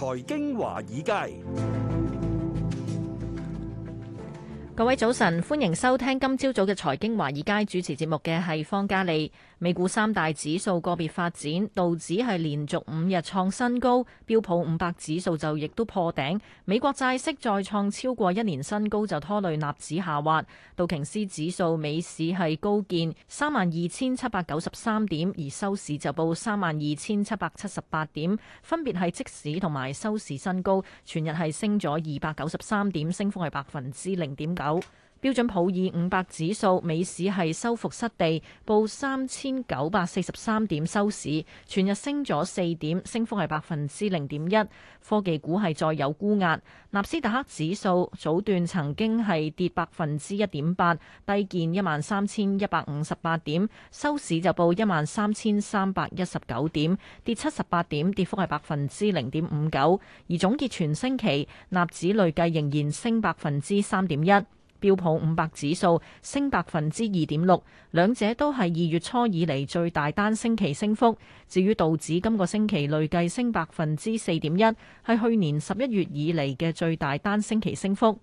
財經華爾街。各位早晨，歡迎收聽今朝早嘅財經華爾街，主持節目嘅係方嘉莉。美股三大指數個別發展，道指係連續五日創新高，標普五百指數就亦都破頂。美國債息再創超過一年新高，就拖累納指下滑。道瓊斯指數美市係高見三萬二千七百九十三點，而收市就報三萬二千七百七十八點，分別係即市同埋收市新高。全日係升咗二百九十三點，升幅係百分之零點九。標準普爾五百指數，美市係收復失地，報三千九百四十三點收市，全日升咗四點，升幅係百分之零點一。科技股係再有沽壓，納斯達克指數早段曾經係跌百分之一點八，低見一萬三千一百五十八點，收市就報一萬三千三百一十九點，跌七十八點，跌幅係百分之零點五九。而總結全星期，納指累計仍然升百分之三點一。標普五百指數升百分之二點六，兩者都係二月初以嚟最大單星期升幅。至於道指今個星期累計升百分之四點一，係去年十一月以嚟嘅最大單星期升幅。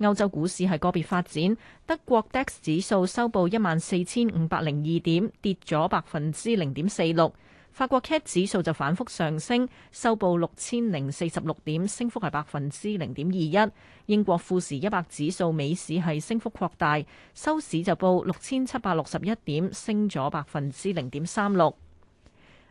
歐洲股市係個別發展，德國 DAX 指數收報一萬四千五百零二點，跌咗百分之零點四六。法國 CAC 指數就反覆上升，收報六千零四十六點，升幅係百分之零點二一。英國富時一百指數尾市係升幅擴大，收市就報六千七百六十一點，升咗百分之零點三六。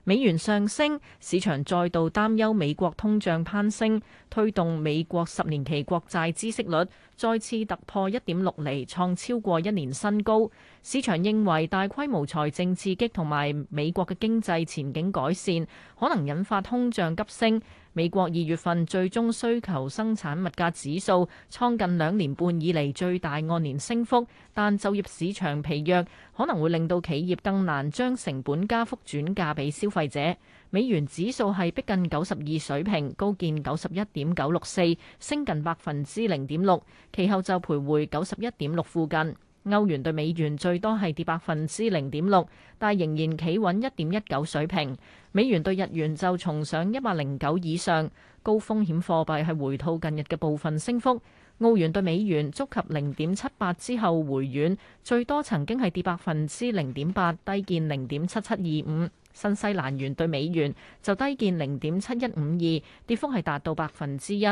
美元上升，市場再度擔憂美國通脹攀升，推動美國十年期國債孳息率再次突破一點六厘，創超過一年新高。市場認為大規模財政刺激同埋美國嘅經濟前景改善，可能引發通脹急升。美國二月份最終需求生產物價指數創近兩年半以嚟最大按年升幅，但就業市場疲弱，可能會令到企業更難將成本加幅轉嫁俾消費者。美元指數係逼近九十二水平，高見九十一點九六四，升近百分之零點六，其後就徘徊九十一點六附近。歐元對美元最多係跌百分之零點六，但仍然企穩一點一九水平。美元對日元就重上一百零九以上。高風險貨幣係回吐近日嘅部分升幅。澳元對美元觸及零點七八之後回軟，最多曾經係跌百分之零點八，低見零點七七二五。新西蘭元對美元就低見零點七一五二，跌幅係達到百分之一。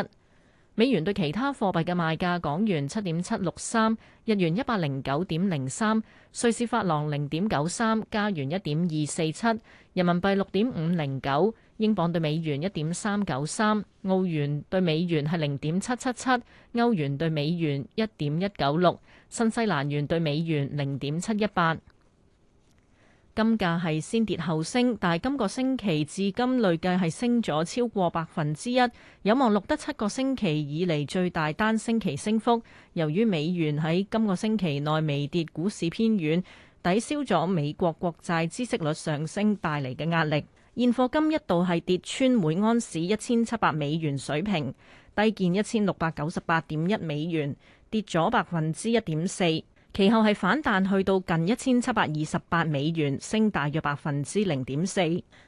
美元對其他貨幣嘅賣價：港元七點七六三，日元一百零九點零三，瑞士法郎零點九三，加元一點二四七，人民幣六點五零九，英鎊對美元一點三九三，澳元對美元係零點七七七，歐元對美元一點一九六，新西蘭元對美元零點七一八。金價係先跌後升，但係今個星期至今累計係升咗超過百分之一，有望錄得七個星期以嚟最大單星期升幅。由於美元喺今個星期內微跌，股市偏軟，抵消咗美國國債孳息率上升帶嚟嘅壓力。現貨金一度係跌穿每安士一千七百美元水平，低見一千六百九十八點一美元，跌咗百分之一點四。其後係反彈去到近一千七百二十八美元，升大約百分之零點四。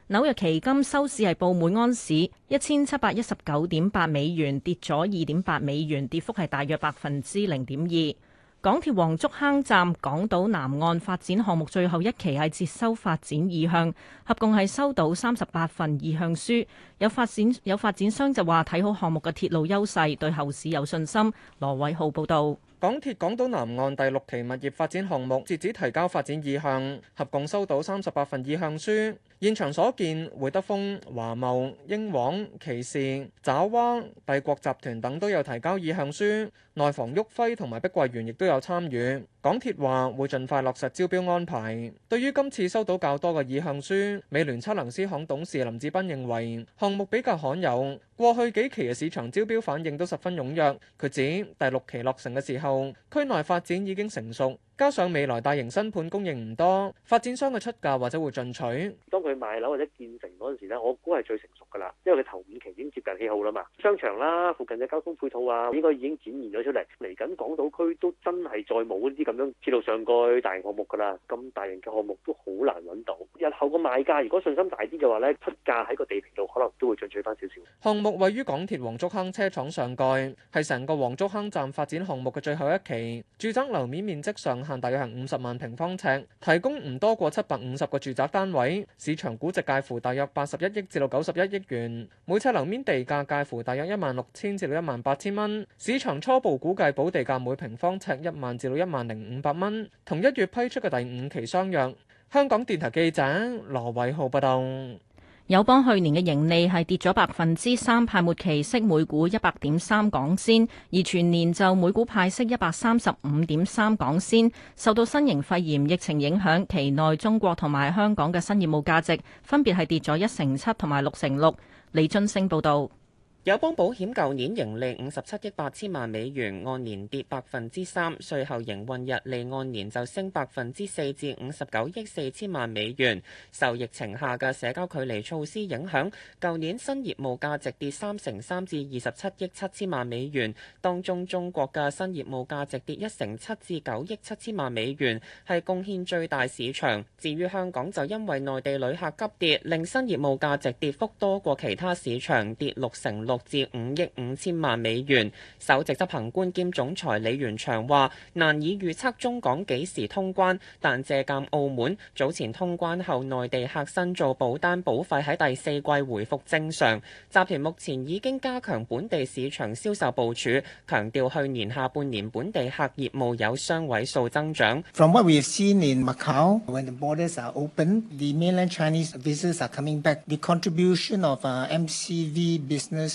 紐約期金收市係報每安士一千七百一十九點八美元，跌咗二點八美元，跌幅係大約百分之零點二。港鐵黃竹坑站港島南岸發展項目最後一期係接收發展意向，合共係收到三十八份意向書。有發展有發展商就話睇好項目嘅鐵路優勢，對後市有信心。羅偉浩報導。港鐵港島南岸第六期物業發展項目，截止提交發展意向，合共收到三十八份意向書。現場所見，會德豐、華懋、英皇、其士、爪哇、帝國集團等都有提交意向書。內房旭輝同埋碧桂園亦都有參與。港鐵話會盡快落實招標安排。對於今次收到較多嘅意向書，美聯測量師行董事林志斌認為項目比較罕有。過去幾期嘅市場招標反應都十分踴躍。佢指第六期落成嘅時候，區內發展已經成熟，加上未來大型新盤供應唔多，發展商嘅出價或者會進取。當佢買樓或者建成嗰陣時咧，我估係最成熟噶啦，因為佢頭五期已經接近起好啦嘛，商場啦，附近嘅交通配套啊，應該已經展現咗。嚟嚟緊，港島區都真係再冇呢啲咁樣鐵路上蓋大型項目㗎啦，咁大型嘅項目都好難揾到。日後個買家如果信心大啲嘅話咧，出價喺個地皮度可能都會進取翻少少。項目位於港鐵黃竹坑車廠上蓋，係成個黃竹坑站發展項目嘅最後一期，住宅樓面面積上限大約係五十萬平方尺，提供唔多過七百五十個住宅單位，市場估值介乎大約八十一億至到九十一億元，每尺樓面地價介乎大約一萬六千至到一萬八千蚊，市場初步。估計補地價每平方尺一萬至到一萬零五百蚊。同一月批出嘅第五期相若。香港電台記者羅偉浩報道。友邦去年嘅盈利係跌咗百分之三，派末期息每股一百點三港仙，而全年就每股派息一百三十五點三港仙。受到新型肺炎疫情影響，期內中國同埋香港嘅新業務價值分別係跌咗一成七同埋六成六。李俊升報道。友邦保險舊年盈利五十七億八千萬美元，按年跌百分之三，稅後營運溢利按年就升百分之四至五十九億四千萬美元。受疫情下嘅社交距離措施影響，舊年新業務價值跌三成三至二十七億七千萬美元，當中中國嘅新業務價值跌一成七至九億七千萬美元，係貢獻最大市場。至於香港就因為內地旅客急跌，令新業務價值跌幅多過其他市場，跌六成六。六至五億五千萬美元。首席執行官兼總裁李源祥話，難以預測中港幾時通關，但借鑒澳門早前通關後內地客新做保單保費喺第四季回復正常。集團目前已經加強本地市場銷售部署，強調去年下半年本地客業務有雙位數增長。From what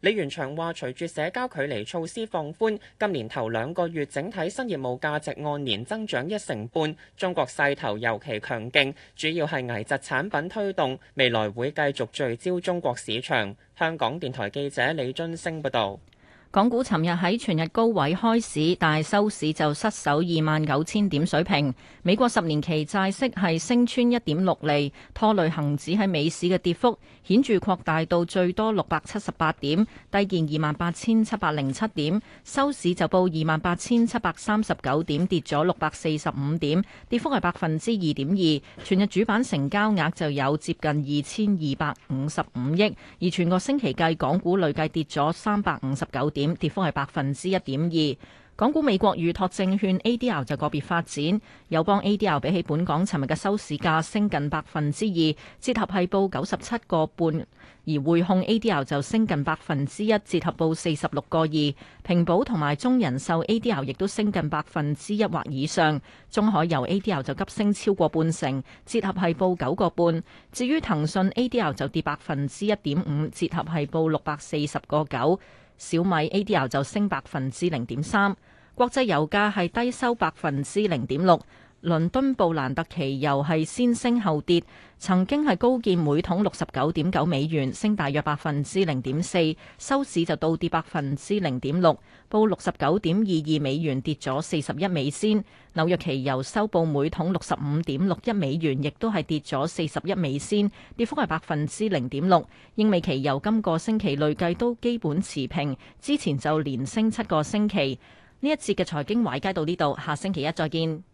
李源祥話：隨住社交距離措施放寬，今年頭兩個月整體新業務價值按年增長一成半，中國勢頭尤其強勁，主要係危疾產品推動，未來會繼續聚焦中國市場。香港電台記者李津升報導。港股尋日喺全日高位開市，但收市就失守二萬九千點水平。美國十年期債息係升穿一點六厘，拖累恒指喺美市嘅跌幅顯著擴大到最多六百七十八點，低見二萬八千七百零七點，收市就報二萬八千七百三十九點，跌咗六百四十五點，跌幅係百分之二點二。全日主板成交額就有接近二千二百五十五億，而全個星期計，港股累計跌咗三百五十九點。跌幅係百分之一點二。港股美國預託證券 A D R 就個別發展，友邦 A D R 比起本港尋日嘅收市價升近百分之二，折合係報九十七個半；而匯控 A D R 就升近百分之一，折合報四十六個二。平保同埋中人壽 A D R 亦都升近百分之一或以上，中海油 A D R 就急升超過半成，折合係報九個半。至於騰訊 A D R 就跌百分之一點五，折合係報六百四十個九。小米 ADR 就升百分之零點三，國際油價係低收百分之零點六。倫敦布蘭特期油係先升後跌，曾經係高見每桶六十九點九美元，升大約百分之零點四，收市就倒跌百分之零點六，報六十九點二二美元，跌咗四十一美仙。紐約期油收報每桶六十五點六一美元，亦都係跌咗四十一美仙，跌幅係百分之零點六。英美期油今個星期累計都基本持平，之前就連升七個星期。呢一節嘅財經華爾街到呢度，下星期一再見。